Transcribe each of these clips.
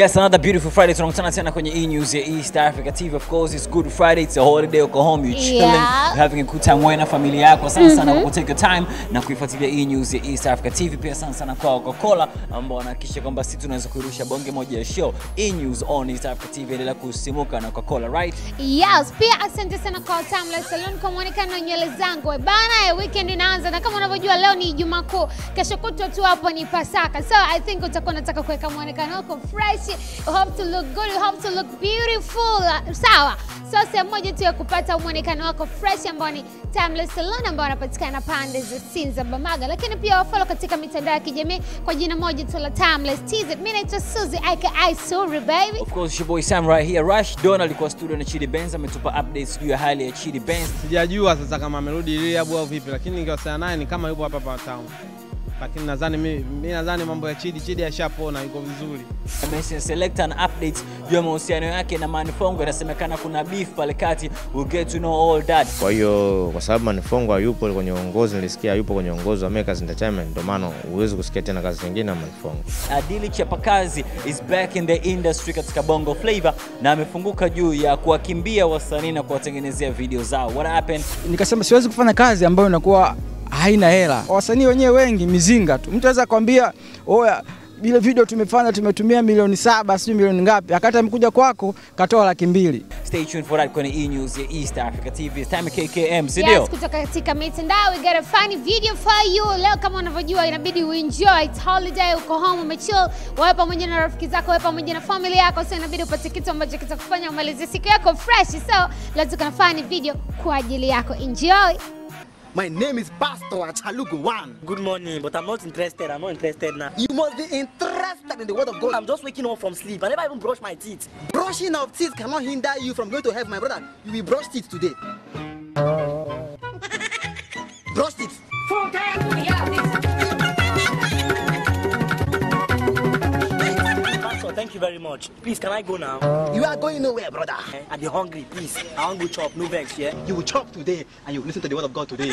Yes, another beautiful Friday. Tunakutana tena kwenye E News ya East Africa TV. Of course, it's Good Friday. It's a holiday. Uko home, you're chilling. Yeah. You're having a good time wewe na familia yako. Asante sana kwa mm-hmm. take your time na kuifuatilia E News ya East Africa TV. Pia asante sana kwa Coca-Cola ambao wanahakikisha kwamba sisi tunaweza kuirusha bonge moja ya show E News on East Africa TV. Endelea kusimuka na Coca-Cola, right? Yes, pia asante sana kwa Timeless Salon kwa muonekano wa nywele zangu. Eh, bana, eh, weekend inaanza na kama unavyojua leo ni Ijumaa Kuu. Kesho kutwa tu hapo ni Pasaka. So I think utakuwa unataka kuweka muonekano wako fresh yote, you have to look good, you have to look beautiful. Sawa, so sehemu moja tu ya kupata mwonekano wako fresh ambao ni Timeless Salon ambao wanapatikana pande za Sinza Bamaga, lakini pia wafollow katika mitandao ya kijamii kwa jina moja tu la Timeless TZ. Mimi naitwa Suzy aka Suri baby. Of course, your boy Sam right here. Rush Don alikuwa studio na Chidi Benz ametupa updates juu ya hali ya Chidi Benz. Sijajua sasa kama amerudi Rehab au vipi, lakini ningewasiliana naye ni kama yupo hapa hapa town lakini nadhani mimi nadhani mambo ya Chidi Chidi ashapona yuko vizuri. Amesha select an update juu ya mahusiano yake na Manifongo, inasemekana kuna beef pale kati, we get to know all that. Kwa hiyo kwa sababu Manifongo hayupo kwenye uongozi, nilisikia hayupo kwenye uongozi wa Makers Entertainment, ndio maana huwezi kusikia tena kazi nyingine na Manifongo. Adili Chapakazi is back in the industry katika Bongo Flava na amefunguka juu ya kuwakimbia wasanii na kuwatengenezea video zao. What happened? Nikasema siwezi kufanya kazi ambayo inakuwa haina hela. Wasanii wenyewe wengi mizinga tu, mtu anaweza kwambia oya ile video tumefanya tumetumia milioni saba sijui milioni ngapi, akati amekuja kwako katoa laki mbili. Stay tuned for that kwenye E-News ya East Africa TV. It's time KKM, si ndio? Yes, kutoka katika mitandao, we got a funny video for you. Leo kama unavyojua inabidi uenjoy, it's holiday, uko home umechill, wewe pamoja na rafiki zako, wewe pamoja na family yako, so inabidi upate kitu ambacho kitakufanya umalize siku yako fresh. So, lazima tuna funny video kwa ajili yako. Enjoy. My name is Pastor Achaluguwan. Good morning, but I'm not interested. I'm not interested now. You must be interested in the word of God. I'm just waking up from sleep. I never even brush my teeth. Brushing of teeth cannot hinder you from going to heaven, my brother. You will brush teeth today. Thank you very much. Please, can I go now? You are going nowhere, brother. And eh, you're hungry, please. I want to chop, no vex, yeah? You will chop today and you will listen to the word of God today.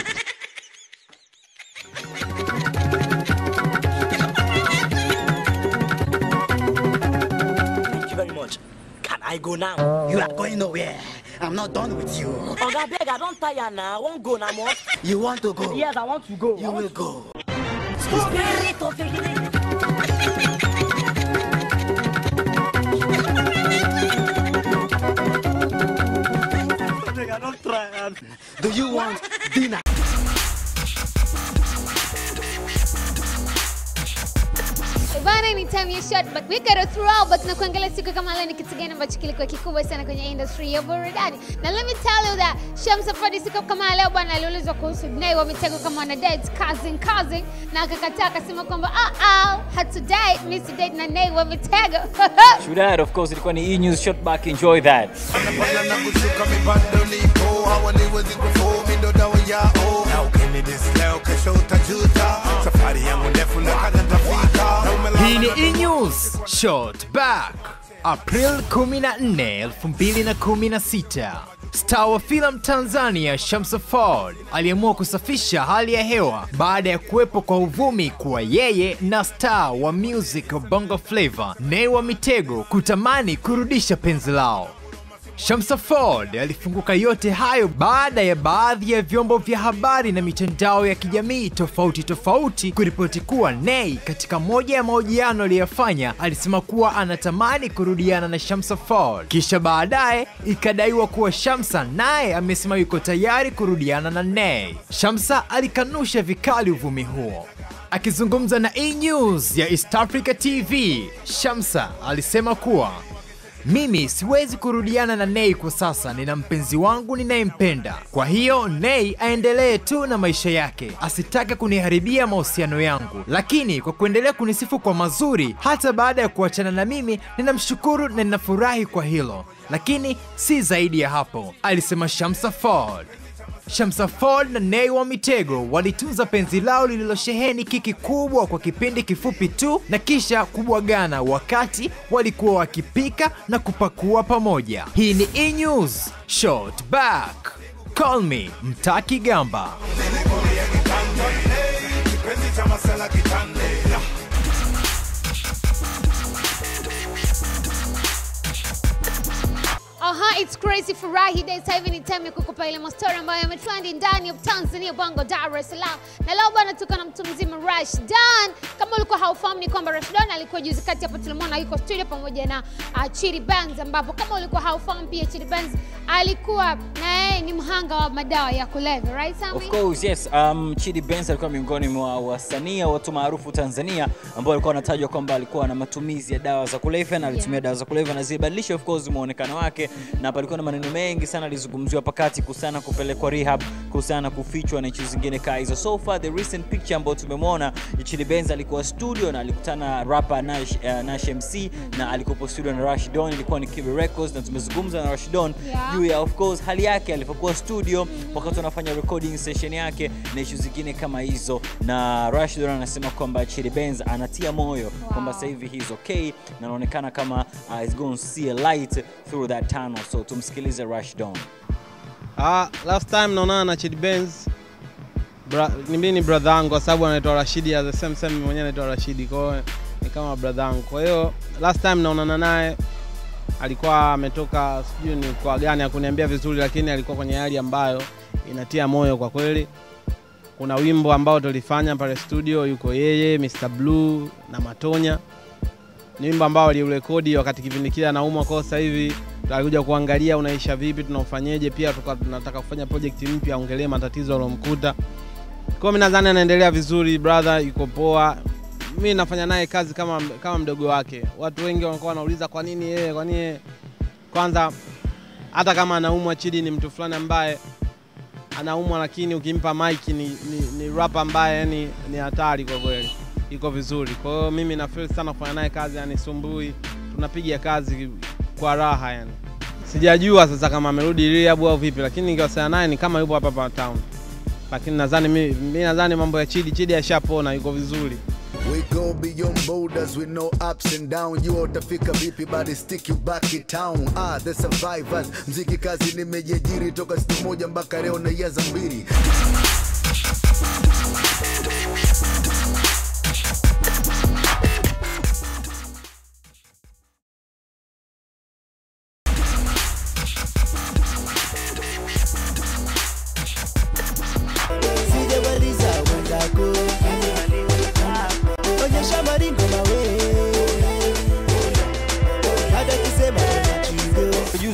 Thank you very much. Can I go now? You are going nowhere. I'm not done with you. Oh, God, beg, I don't tire now. I won't go now, more. You want to go? Yes, I want to go. You will go. you want dinner. Bana, ni time ya shot but We got a throw but na kuangalia siku kama leo ni kitu gani ambacho kilikuwa kikubwa sana kwenye industry ya burudani. Na let me tell you that Shamsa Fadi siku kama leo bwana aliulizwa kuhusu Nay wametegwa kama wana date cousin cousin na akakataa akasema kwamba ah ah hatudai mimi miss date na Nay should Shudad of course ilikuwa ni E News shot back enjoy that yao na kesho utajuta. Safari yangu ndefu na Hii ni E-News Short Back April 14, 2016. Star wa filamu Tanzania Shamsa Ford aliamua kusafisha hali ya hewa baada ya kuwepo kwa uvumi kuwa yeye na star wa music Bongo Flava Nay wa Mitego kutamani kurudisha penzi lao. Shamsa Ford alifunguka yote hayo baada ya baadhi ya vyombo vya habari na mitandao ya kijamii tofauti tofauti kuripoti kuwa ney katika moja ya mahojiano aliyofanya alisema kuwa anatamani kurudiana na Shamsa Ford, kisha baadaye ikadaiwa kuwa Shamsa naye amesema yuko tayari kurudiana na ney Shamsa alikanusha vikali uvumi huo. Akizungumza na E-News ya East Africa TV, Shamsa alisema kuwa mimi siwezi kurudiana na Nay kwa sasa, nina mpenzi wangu ninayempenda. Kwa hiyo Nay aendelee tu na maisha yake, asitake kuniharibia mahusiano yangu. Lakini kwa kuendelea kunisifu kwa mazuri hata baada ya kuachana na mimi, ninamshukuru na ninafurahi kwa hilo, lakini si zaidi ya hapo, alisema Shamsa Ford. Shamsa Ford na Nay wa Mitego walitunza penzi lao lililosheheni kiki kubwa kwa kipindi kifupi tu na kisha kubwagana wakati walikuwa wakipika na kupakua pamoja. Hii ni E! News, Short Back. Call me Mtaki Gamba. Aha, it's crazy furahi day. Sasa hivi ni kukupa ile mastori ambayo yametrend ndani ya Tanzania Bongo, Dar es Salaam, na leo bwana, tuko na mtu mzima Rashdan. Kama ulikuwa haufahamu ni kwamba Rashdan alikuwa juzi kati hapo tulimwona yuko studio pamoja na uh, Chidi Benz, ambapo kama ulikuwa haufahamu pia Chidi Benz alikuwa na yeye ni mhanga wa madawa ya kulevya, right Sammy? Of course, yes. Um, Chidi Benz alikuwa miongoni mwa wasanii watu maarufu Tanzania ambao walikuwa wanatajwa kwamba alikuwa na matumizi ya dawa za kulevya na alitumia yeah. dawa za kulevya na zilibadilisha of course muonekano wake na palikuwa na maneno mengi sana alizungumziwa pakati kuhusiana kupelekwa rehab, kuhusiana kufichwa na nchi zingine kaa hizo. So far the recent picture ambayo tumemwona Chili Benz alikuwa studio na alikutana rapper Nash, uh, Nash MC na alikuwa studio na Rush Don, ilikuwa ni Kibi Records na tumezungumza na Rush Don juu yeah. ya of course hali yake alipokuwa studio wakati anafanya recording session yake na issue zingine kama hizo, na Rush Don anasema kwamba Chili Benz anatia moyo wow. kwamba sasa hivi he's okay na anaonekana kama uh, is going to see a light through that time tano, so tumsikilize Rashdon. Ah, last time naonana na Chid Benz Bra, mimi ni brother yangu kwa sababu anaitwa Rashidi as the same same mwenyewe anaitwa Rashidi, kwa hiyo ni kama brother yangu. Kwa hiyo last time naonana naye alikuwa ametoka sijui ni kwa gani, akuniambia vizuri, lakini alikuwa kwenye hali ambayo inatia moyo kwa kweli. Kuna wimbo ambao tulifanya pale studio, yuko yeye Mr Blue na Matonya. Ni wimbo ambao aliurekodi wakati kipindi kile anaumwa, kwa sasa hivi tutakuja kuangalia unaisha vipi, tunafanyeje, pia tunataka kufanya project mpya, aongelee matatizo aliyomkuta. Kwa mimi nadhani anaendelea vizuri, brother yuko poa. Mimi nafanya naye kazi kama kama mdogo wake. Watu wengi wanakuwa wanauliza kwa nini yeye, kwa nini kwanza hata kama anaumwa, Chidi ni mtu fulani ambaye anaumwa, lakini ukimpa mic ni, ni, ni rap ambaye yani ni hatari kwa kweli, iko vizuri. Kwa hiyo mimi nafeel sana kufanya naye kazi, anisumbui, tunapiga kazi kwa raha yani. Sijajua sasa kama amerudi rehab au vipi, lakini ningewasiliana naye ni kama yupo hapa hapa town, lakini nadhani mimi nadhani mambo ya Chidi, Chidi ashapona, yuko vizuri. We go beyond borders with no ups and down. You utafika vipi bali stick you back in town. Ah, the survivors. Mziki kazi nimejiajiri toka siku moja mpaka leo na yaza mbili.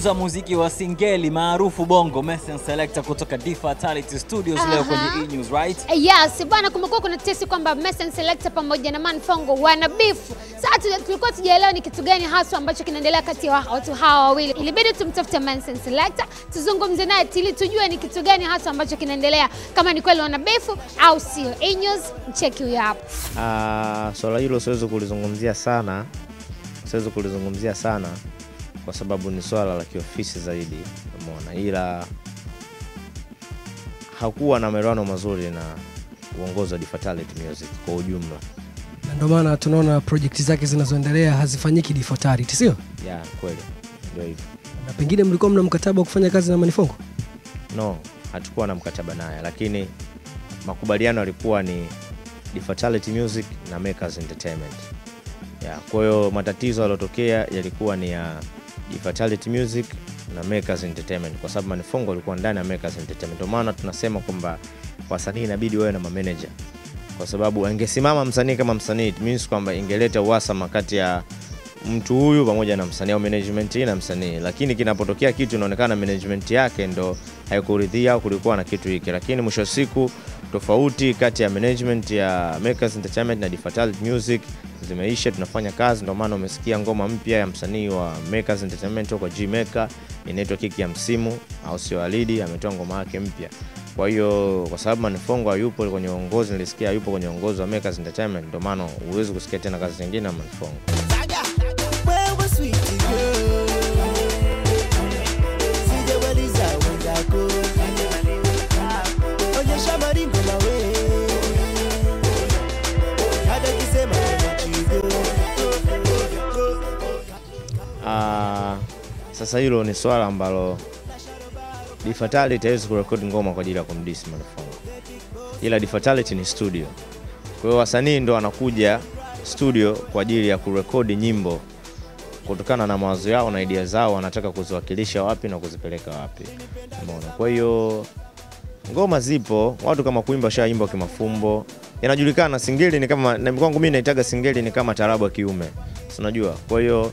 kusikiliza muziki wa singeli maarufu bongo Mesen Selector kutoka D Fatality Studios uh -huh. Leo kwenye E News right? Eh, yes, bwana, kumekuwa kuna tetesi kwamba Mesen Selector pamoja na Man Fongo wana beef. Sasa tulikuwa tujaelewa ni kitu gani haswa ambacho kinaendelea kati ya watu hawa wawili. Ilibidi tumtafute Mesen Selector tuzungumze naye ili tujue ni kitu gani haswa ambacho kinaendelea, kama ni kweli wana beef au sio. E News cheki huyo hapo. Uh, swala hilo siwezi kulizungumzia sana, siwezi kulizungumzia sana kwa sababu ni swala la kiofisi zaidi, umeona, ila hakuwa na maelewano mazuri na uongozi wa D Music kwa ujumla, na ndio maana tunaona project zake zinazoendelea hazifanyiki D sio? Yeah, kweli ndio hivyo. Na pengine mlikuwa mna mkataba wa kufanya kazi na Manifongo? No, hatukuwa na mkataba naye, lakini makubaliano yalikuwa ni D Music na Makers Entertainment. Yeah, kwa hiyo matatizo yaliyotokea yalikuwa ni ya uh, Fatality Music na Makers Entertainment, kwa sababu Manifongo alikuwa ndani ya Makers Entertainment. Ndio maana tunasema kwamba wasanii inabidi wawe na mameneja, kwa sababu angesimama msanii kama msanii, it means kwamba ingeleta uhasama kati ya mtu huyu pamoja na msanii au management na msanii, lakini kinapotokea kitu inaonekana management yake ndo haikuridhia au kulikuwa na kitu hiki, lakini mwisho wa siku tofauti kati ya management ya Makers Entertainment na Defatal Music zimeisha, tunafanya kazi. Ndio maana umesikia ngoma mpya ya msanii wa Makers Entertainment kwa G Maker inaitwa kiki ya msimu, au sio? Alidi ametoa ngoma yake mpya. Kwa hiyo kwa sababu Manifongo hayupo kwenye uongozi, nilisikia yupo kwenye uongozi wa Makers Entertainment, ndio maana huwezi kusikia tena kazi nyingine na Manifongo. Sasa hilo ni swala ambalo Difatality hawezi kurekodi ngoma kwa ajili ya kumdisi Manafongo, ila Difatality ni studio. Kwa hiyo wasanii ndo wanakuja studio kwa ajili ya kurekodi nyimbo kutokana na mawazo yao na idea zao, wanataka kuziwakilisha wapi na kuzipeleka wapi. Umeona? Kwa hiyo ngoma zipo, watu kama kuimba shaimba kimafumbo, inajulikana. Singeli ni kama na kwangu mimi naitaga singeli ni kama tarabu ya kiume, si unajua? Kwa hiyo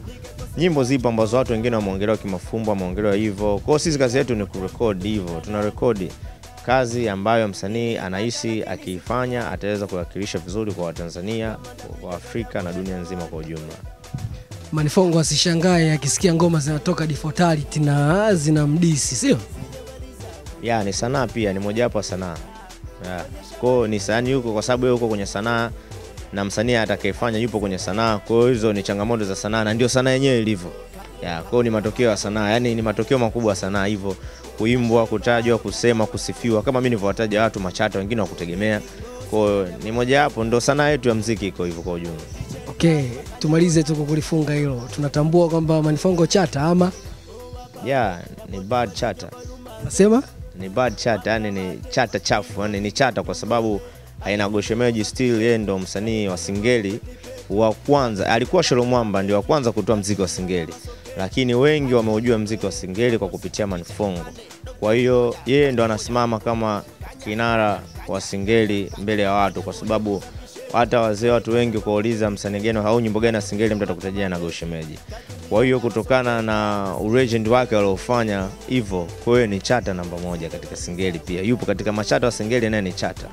nyimbo zipo ambazo watu wengine wameongelewa kimafumbo, wameongelewa hivyo. kwao sisi kazi yetu ni kurekodi hivyo, rekodi kazi ambayo msanii anahisi akiifanya ataweza kuwakilisha vizuri kwa Watanzania, wa Afrika na dunia nzima kwa ujumla. Manifongo asishangae akisikia ngoma zinatoka Difotality na zina mdisi, sio? Ya, ni sanaa pia, ni mojawapo sanaa. Ya. ni sani yuko kwa sababu yuko kwenye sanaa na msanii atakayefanya yupo kwenye sanaa. Kwa hiyo hizo ni changamoto za sanaa na ndio sanaa yenyewe ilivyo. Ya, kwa hiyo ni matokeo ya sanaa, yaani ni matokeo makubwa ya sanaa hivyo kuimbwa, kutajwa, kusema, kusifiwa kama mimi nilivyowataja watu machata wengine wakutegemea. Kwa hiyo ni moja hapo ndio sanaa yetu ya muziki iko hivyo kwa ujumla. Okay, tumalize tu kulifunga hilo. Tunatambua kwamba Manifongo chata ama yeah, ni bad chata. Nasema ni bad chata, yani ni chata chafu, yani ni chata kwa sababu Enago Shemeji still yeye ndo msanii wa singeli wa kwanza, alikuwa Sholo Mwamba ndio wa kwanza kutoa mziki wa singeli, lakini wengi wameujua mziki wa singeli kwa kupitia Manfongo. Kwa hiyo yeye ndo anasimama kama kinara wa singeli mbele ya watu, kwa sababu hata wazee, watu wengi kuuliza msanii gani au nyimbo gani ya singeli, mtu atakutajia Enago Shemeji. Kwa hiyo kutokana na legend wake aliofanya hivyo, kwa hiyo ni chata namba moja katika singeli, pia yupo katika machata wa singeli naye ni chata.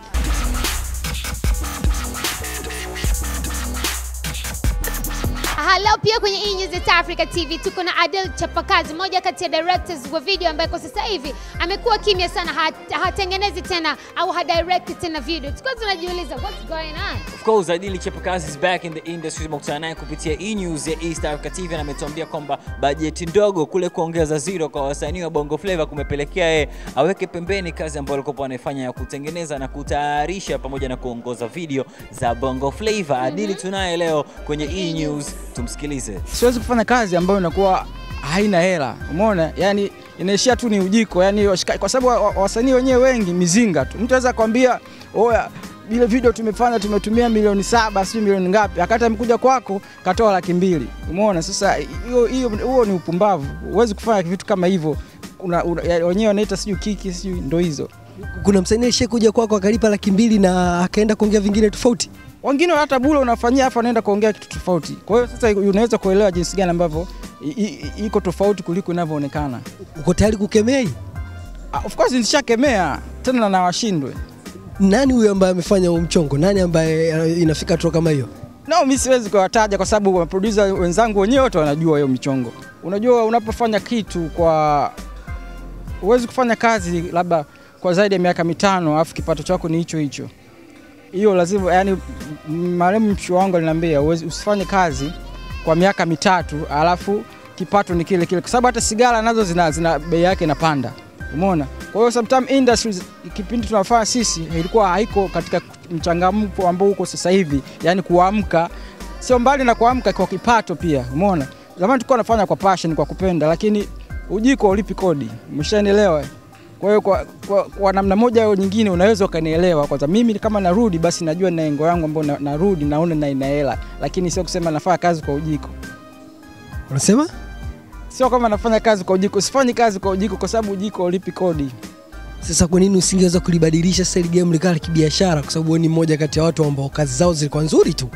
Leo pia kwenye E! News East Africa TV tuko na Adele Chapakazi, moja kati ya directors wa video ambaye kwa sasa hivi amekuwa kimya sana, hatengenezi tena au hadirect tena video. Tuko tunajiuliza what's going on? Of course, Adele Chapakazi is back in the industry. Tumekutana naye kupitia E! News ya East Africa TV na ametuambia kwamba bajeti ndogo kule kuongeza zero kwa wasanii wa Bongo Flava kumepelekea yeye aweke pembeni kazi ambayo alikuwa anafanya ya kutengeneza na kutayarisha pamoja na kuongoza video za Bongo Flava. Mhm. Adele tunaye leo kwenye E! News, tumsikie nisikilize. Siwezi kufanya kazi ambayo inakuwa haina hela, umeona? Yani inaishia tu ni ujiko, yani kwa sababu wasanii wenyewe wengi mizinga tu. Mtu anaweza kwambia oya ile video tumefanya tumetumia milioni saba sio milioni ngapi, akati amekuja kwako katoa laki mbili. Umeona? Sasa hiyo huo ni upumbavu, huwezi kufanya vitu kama hivyo. Wenyewe wanaita sijui kiki sijui ndo hizo. Kuna msanii alishekuja kwako akalipa laki mbili na akaenda kuongea vingine tofauti wengine hata bure unafanyia afu anaenda kuongea kitu tofauti. Kwa hiyo sasa unaweza kuelewa jinsi gani ambavyo iko tofauti kuliko inavyoonekana. Uko tayari kukemea ah, Of course nishakemea tena na nawashindwe. Nani huyo ambaye amefanya huo mchongo? Nani ambaye eh, inafika tu kama hiyo? No, mi siwezi kuwataja kwa sababu maproducer wenzangu wenyewe wote wanajua hiyo michongo. Unajua, unapofanya kitu kwa, huwezi kufanya kazi labda kwa zaidi ya miaka mitano afu kipato chako ni hicho hicho hiyo lazima, yani maremu mchu wangu alinambia usifanye kazi kwa miaka mitatu alafu kipato ni kile kile, kwa sababu hata sigara nazo zina, zina bei yake inapanda, umeona. Kwa hiyo sometimes industry kipindi tunafanya sisi ilikuwa haiko katika mchangamko ambao uko sasa hivi, yani kuamka, sio mbali na kuamka kwa kipato pia, umeona. Zamani tulikuwa nafanya kwa passion, kwa kupenda, lakini ujiko ulipi kodi, umeshaelewa. Kwa hiyo kwa, kwa, kwa namna moja au nyingine unaweza ukanielewa. Kwanza mimi kama narudi, basi najua na engo yangu ambao na, narudi naona na ina hela, lakini sio kusema nafanya kazi kwa ujiko. Unasema sio kama nafanya kazi kwa ujiko, sifanyi kazi kwa ujiko kwa sababu ujiko ulipi kodi. Sasa kwa nini usingeweza kulibadilisha sasa ile game likawa la kibiashara, kwa sababu ni mmoja kati ya watu ambao kazi zao zilikuwa nzuri tu?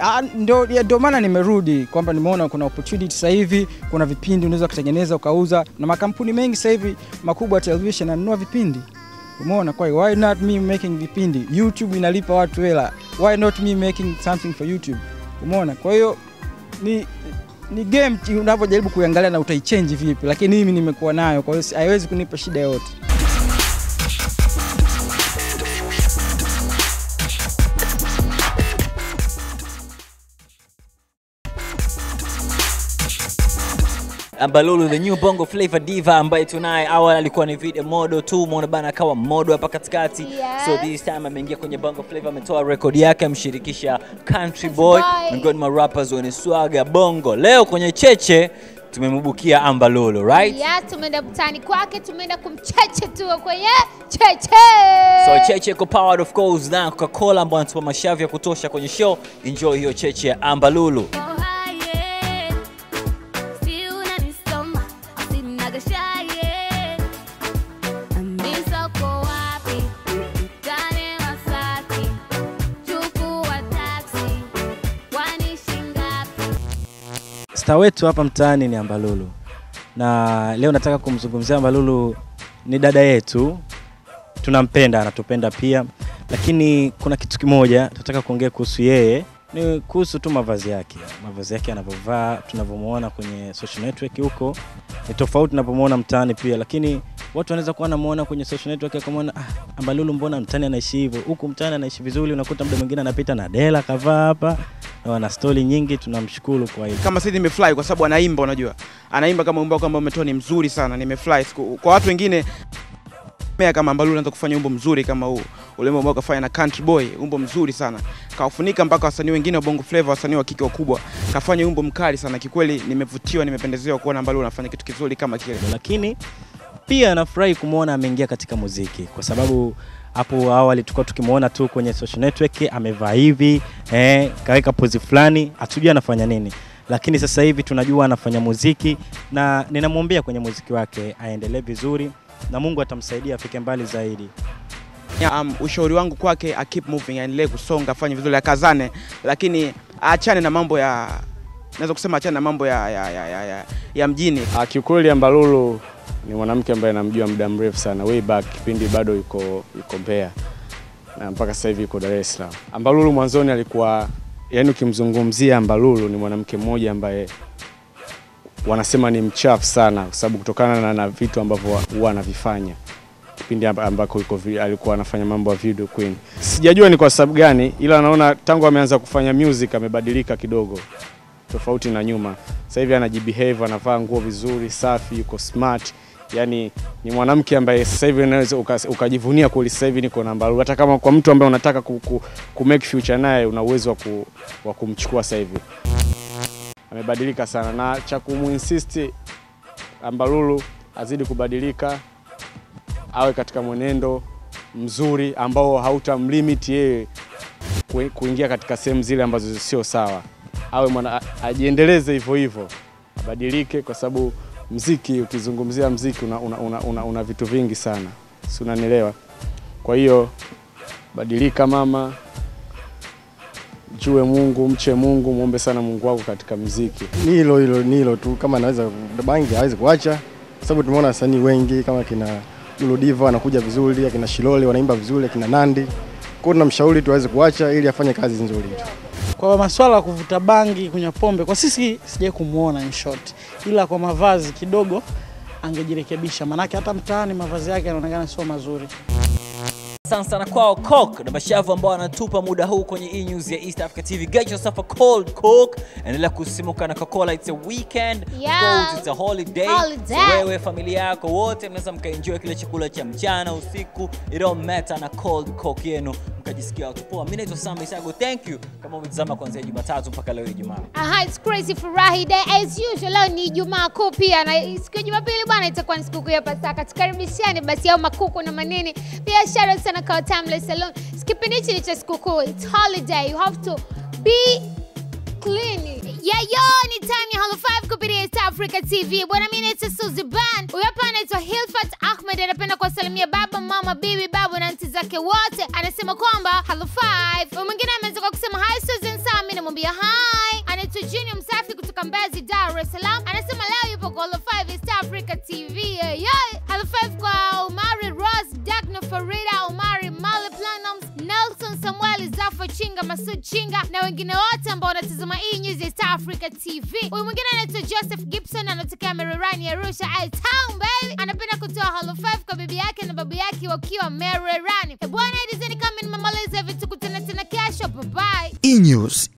Ah, ndio maana nimerudi kwamba nimeona kuna opportunity sasa hivi, kuna vipindi unaweza kutengeneza ukauza, na makampuni mengi sasa hivi makubwa ya television yanunua vipindi. Umeona, kwa why not me making vipindi? YouTube inalipa watu hela, why not me making something for YouTube? Umeona, kwa hiyo ni ni game unavyojaribu kuiangalia na utaichenji vipi, lakini mimi nimekuwa nayo, kwa hiyo haiwezi kunipa shida yoyote. Balulu the new bongo flavor diva ambaye tunaye. Awali alikuwa ni video modo tu, umeona bana, akawa modo hapa katikati yes. So this time ameingia kwenye bongo flavor, ametoa record yake, amshirikisha country boy miongoni mwa rappers wenye swaga bongo. Leo kwenye cheche tumemubukia Amber Lulu, right? Yeah, tumeenda butani kwake, tumeenda kumcheche tu kwenye cheche. So cheche ko powered of course na Coca-Cola ambao anatupa mashavu ya kutosha kwenye show. Enjoy hiyo cheche ya Amber Lulu. Oh. star wetu hapa mtaani ni Ambalulu, na leo nataka kumzungumzia Ambalulu. Ni dada yetu, tunampenda, anatupenda pia, lakini kuna kitu kimoja tunataka kuongea kuhusu yeye ni kuhusu tu mavazi yake, mavazi yake anavyovaa, tunavyomwona kwenye social network huko ni tofauti tunapomwona mtaani pia, lakini watu wanaweza kuwa namuona kwenye social network akamwona, ah, Ambalulu mbona mtaani anaishi hivyo? Huku mtaani anaishi vizuri, unakuta muda mwingine anapita na dela kavaa hapa na wana stori nyingi, tunamshukuru kwa hilo. Kama sisi nimefly kwa sababu anaimba, unajua anaimba kama wimbo kwamba umetoa ni mzuri sana, nimefly kwa watu wengine kama Ambalulu anaweza kufanya umbo mzuri kama huu ule ulema ambao kafanya na Country Boy, wimbo mzuri sana, kaufunika mpaka wasanii wengine wa Bongo Flava, wasanii wa kike wakubwa, kafanya wimbo mkali sana. Kikweli nimevutiwa, nimependezewa kuona Mbali unafanya kitu kizuri kama kile, lakini pia nafurahi kumwona ameingia katika muziki kwa sababu hapo awali tulikuwa tukimwona tu kwenye social network amevaa hivi eh, kaweka pozi fulani, hatujui anafanya nini, lakini sasa hivi tunajua anafanya muziki, na ninamwombea kwenye muziki wake aendelee vizuri, na Mungu atamsaidia afike mbali zaidi. Um, ushauri wangu kwake a keep moving, aendelee kusonga, afanye vizuri, akazane, lakini aachane na mambo ya naweza kusema achana na mambo ya, ya, ya, ya, ya, ya mjini. Ah, kiukweli Ambalulu ni mwanamke ambaye namjua muda mrefu sana, way back kipindi bado yuko, yuko Mbeya na mpaka sasa hivi yuko Dar es Salaam. Ambalulu mwanzoni alikuwa yani, ukimzungumzia Ambalulu ni mwanamke mmoja ambaye wanasema ni mchafu sana, kwa sababu kutokana na, na vitu ambavyo huwa anavifanya kipindi ambako alikuwa anafanya mambo ya video queen. Sijajua ni kwa sababu gani, ila naona tangu ameanza kufanya music amebadilika kidogo, tofauti na nyuma. Sasa hivi anajibehave, anavaa nguo vizuri, safi, yuko smart Yani ni mwanamke ambaye sasa hivi unaweza ukajivunia kweli, sasa hivi niko namba, hata kama kwa mtu ambaye unataka ku, ku, ku make future naye una uwezo wa, ku, wa kumchukua sasa hivi. Amebadilika sana, na cha kumuinsist Ambalulu azidi kubadilika awe katika mwenendo mzuri ambao hautamlimit yeye kuingia katika sehemu zile ambazo sio sawa. Awe mwana ajiendeleze hivyo hivyo, abadilike, kwa sababu mziki, ukizungumzia mziki una, una, una, una, una vitu vingi sana, si unanielewa? Kwa hiyo badilika mama, jue Mungu, mche Mungu, mwombe sana Mungu wako katika mziki. Ni hilo hilo, ni hilo tu, kama anaweza bangi hawezi kuacha, sababu tumeona wasanii wengi kama kina Ludiva anakuja vizuri, akina Shilole wanaimba vizuri, akina Nandi. Kwa hiyo tunamshauri tu aweze kuacha ili afanye kazi nzuri tu. Kwa masuala ya kuvuta bangi, kunywa pombe, kwa sisi sijai kumuona in short, ila kwa mavazi kidogo angejirekebisha, maanake hata mtaani mavazi yake yanaonekana sio mazuri. Asante sana kwao Coke na mashavu ambao wanatupa muda huu kwenye e news ya East Africa TV. Get yourself a cold Coke, endelea kusimuka na Coca-Cola. It's a weekend, yeah. Cold, it's a holiday. holiday. So wewe familia yako wote mnaweza mkaenjoy kile chakula cha mchana, usiku, it don't matter na cold Coke yenu mkajisikia watu poa. Mimi naitwa Sam Isago, thank you kama umetazama kuanzia Jumatatu mpaka leo Ijumaa. Aha, it's crazy furahi day as usual. Leo ni Ijumaa kuu pia, na siku ya Jumapili bwana itakuwa ni sikukuu ya Pasaka. Tukaribishane basi au makuku na manini. pia. Shout sana kwa Timeless Salon, kipindi hichi ni cha sikukuu, it's holiday, you have to be clean. Yeah, yo, ni time ya Halo 5 kupitia East Africa TV. Bwana mimi ni Suzi Ban. Huyu hapa anaitwa Hilfat Ahmed anapenda kuwasalimia baba, mama, bibi, babu wake wote, anasema kwamba hello five. Mwingine ameweza kusema hi Susan Sami, namwambia hi. Anaitwa Junior Msafi kutoka Mbezi, Dar es Salaam, anasema leo yupo kwa hello five East Africa TV. Hello five kwa Umari Rose Dagno Farida Umari Ali Zafo Chinga, Masud Chinga na wengine wote ambao wanatazama hii News ya Africa TV. Huyu mwingine anaitwa Joseph Gibson, anatokea Mererani Arusha, I town baby. Anapenda kutoa halo 5 kwa bibi yake na babu yake wakiwa Mererani. Bwana, it is coming, mamaliza vitu, kutana tena kesho, bye bye. E-News